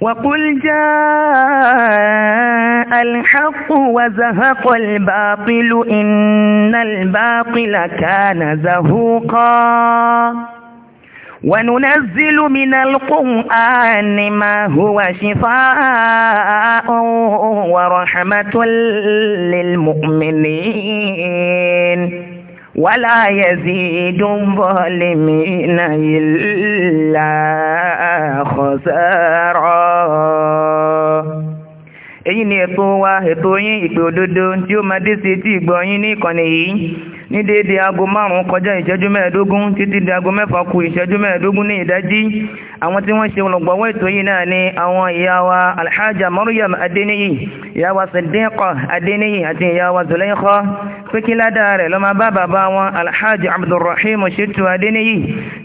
وقل جاء الحق وزهق الباطل إن الباطل كان زهوقا وننزل من القرآن ما هو شفاء ورحمة للمؤمنين ولا يزيد الظالمين إلا خسارا yìí ni ètò wa ètò yín ìpè òdodo tí ó máa dé sí etí ìgbọ́ yín ní ìkànnì yìí ní déédéé aago márùn-ún kọjá ìṣẹ́jú mẹ́ẹ̀ẹ́dógún títí di aago mẹ́fà kù ìṣẹ́jú mẹ́ẹ̀ẹ́dógún ní ìdájí àwọn tí wọ́n ṣe olùgbọ̀wọ́ ètò yìí náà ni àwọn ìyá wa alhaja maryam adeniyi ìyá wa sadiqa adeniyi àti ìyá wa zulaikha pé kí ládàá rẹ̀ lọ́mọ bá bàbá wọn alhaji abdulrahim shitu adeniyi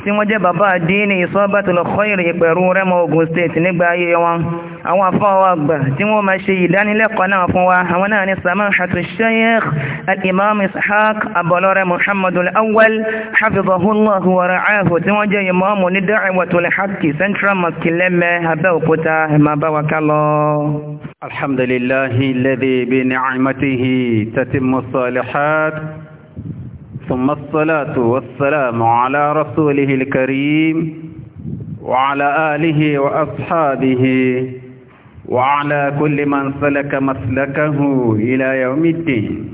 tí wọ́n jẹ́ bàbá àdínì ìsọ́bàtì lọ kọ́yìnrì ìpẹ̀rú rẹ́mọ Ògùn state nígbà ayé wọn àwọn afọ́wọ́ àgbà tí wọ́n máa ṣe ìdánilẹ́kọ̀ọ́ náà fún wa àwọn náà ni samahatu sheikh al-imam ishaq abọlọ́rẹ́ muhammadu al-awwal hafizahullahu wa ra'ahu tí wọ́n jẹ́ imamu ثم الصلاة والسلام على رسوله الكريم وعلى آله وأصحابه وعلى كل من سلك مسلكه إلى يوم الدين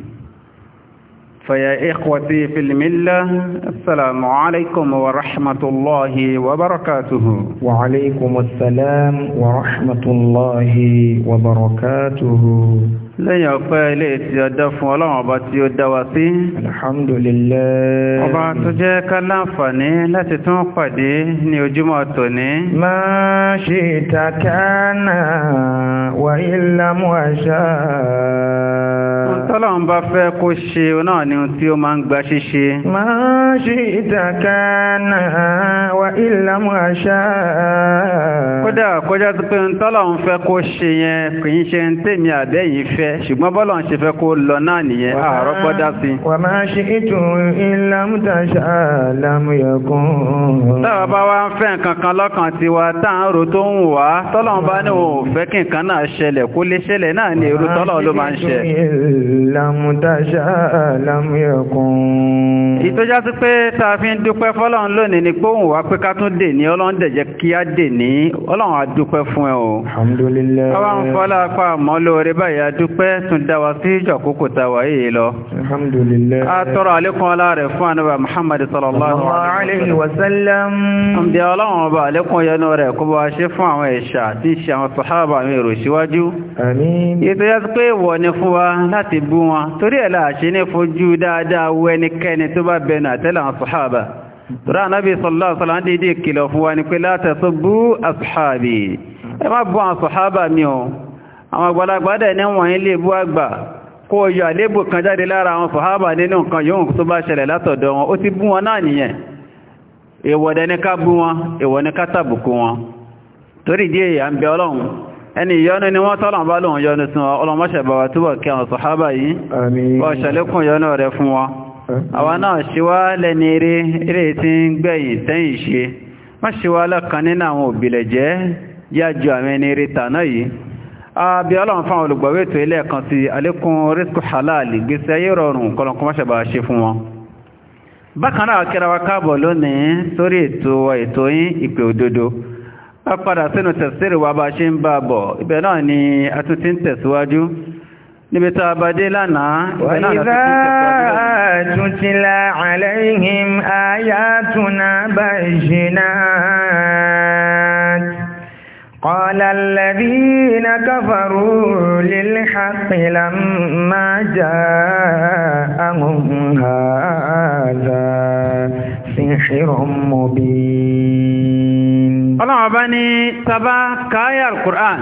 فيا إخوتي في الملة السلام عليكم ورحمة الله وبركاته وعليكم السلام ورحمة الله وبركاته lẹ́yìn ọpẹ́ ilé ti ọjọ́ fún ọlọ́run ọba tí ó dá sí alhamdulillah ọba tó jẹ́ ká láǹfààní láti tún pàdé ní ojúmọ́ tòní ma shi'ta kana wa illa ma tọ́lọ́run bá fẹ́ kó ṣe náà ni tí ó máa ń gba ṣíṣe ma shi'ta kana ìlàmù àṣà. kódà kọjá tó pé ń tọ́lọ̀ ń fẹ́ kó ṣe yẹn kì í ṣe ń tèmi àbẹ́ yìí fẹ́ ṣùgbọ́n bọ́lọ̀ ń ṣe fẹ́ kó lọ náà nìyẹn àárọ̀ gbọ́dá sí. wà á máa ṣe ètò ìlàmù tàṣà lámù yẹkùn. táwa bá wá ń fẹ́ nǹkan kan lọ́kàn tiwa tá à ń ro tó ń wá tọ́lọ̀ bá ní òun ò fẹ́ kí nǹkan náà ṣẹlẹ̀ kó lè ṣẹlẹ̀ náà ni èrò tọ́lọ̀ ló máa ń ṣẹ. ìtọ́já sí pé tá fi ń dúpẹ́ fọ́lọ́ tún dè ní ọlọ́run dẹ̀jẹ́ kí á dè ní ọlọ́run adúpẹ́ fún ẹ o. alhamdulilayi. káwá ń fọlá apá àmọ́ lóore báyìí adúpẹ́ tún dá wa sí ìjọ àkókò tá a wà yìí lọ. alhamdulilayi. a tọrọ àlékún ọlá rẹ̀ fún anábà muhammad sallallahu alayhi wa sallam. ǹjẹ́ ọlọ́run ọba àlékún yẹnu rẹ̀ kó bá a ṣe fún àwọn ẹ̀ṣà tí ń ṣe àwọn sàhábà àwọn èrò síwájú. àmín. pé ìwọ ni fún wa láti tọ́rọ ànábì sallallahu alaihi wasallam dédé kìlọ̀ fún wa ní la tasubbu ashabi ẹ má bú àwọn sọ̀hábà mi o àwọn àgbàlagbà dẹ̀ ní wọ̀nyí lè bú àgbà kó yọ àlébù kan jáde lára àwọn sọ̀hábà nínú nǹkan yóò tó bá ṣẹlẹ̀ látọ̀dọ̀ wọn ó ti bú e náà nìyẹn ìwọ̀dẹ̀ bu ká bú wọn ẹni ni wọ́n tọ́lọ̀ bá lóun túbọ̀ kí àwọn sọ̀hábà yìí wọ́n fún wọn àwọn náà ṣíwá lẹ́ni eré eré tí ń gbẹ̀yìn tẹ́yìn ṣe má ṣíwá lọ́kàn nínú àwọn òbílẹ̀ jẹ́ yájú àwọn ẹni eré tàná yìí àbí ọlọ́run fáwọn olùgbọ̀wé ètò ilé ẹ̀kan ti àlékún rísíkù halali gbèsè ayé rọrùn náà kíra a padà sínú tẹ̀síìrì wa bá ṣe ń bá bọ̀ ibẹ̀ náà ni a tún ti ń lánàá وَإِذَا تُتْلَى عَلَيْهِمْ آيَاتُنَا بَيِّنَاتٍ قَالَ الَّذِينَ كَفَرُوا لِلْحَقِّ لَمَّا جَاءَهُمْ هَذَا سِحْرٌ الله أباني ọba كايا القرآن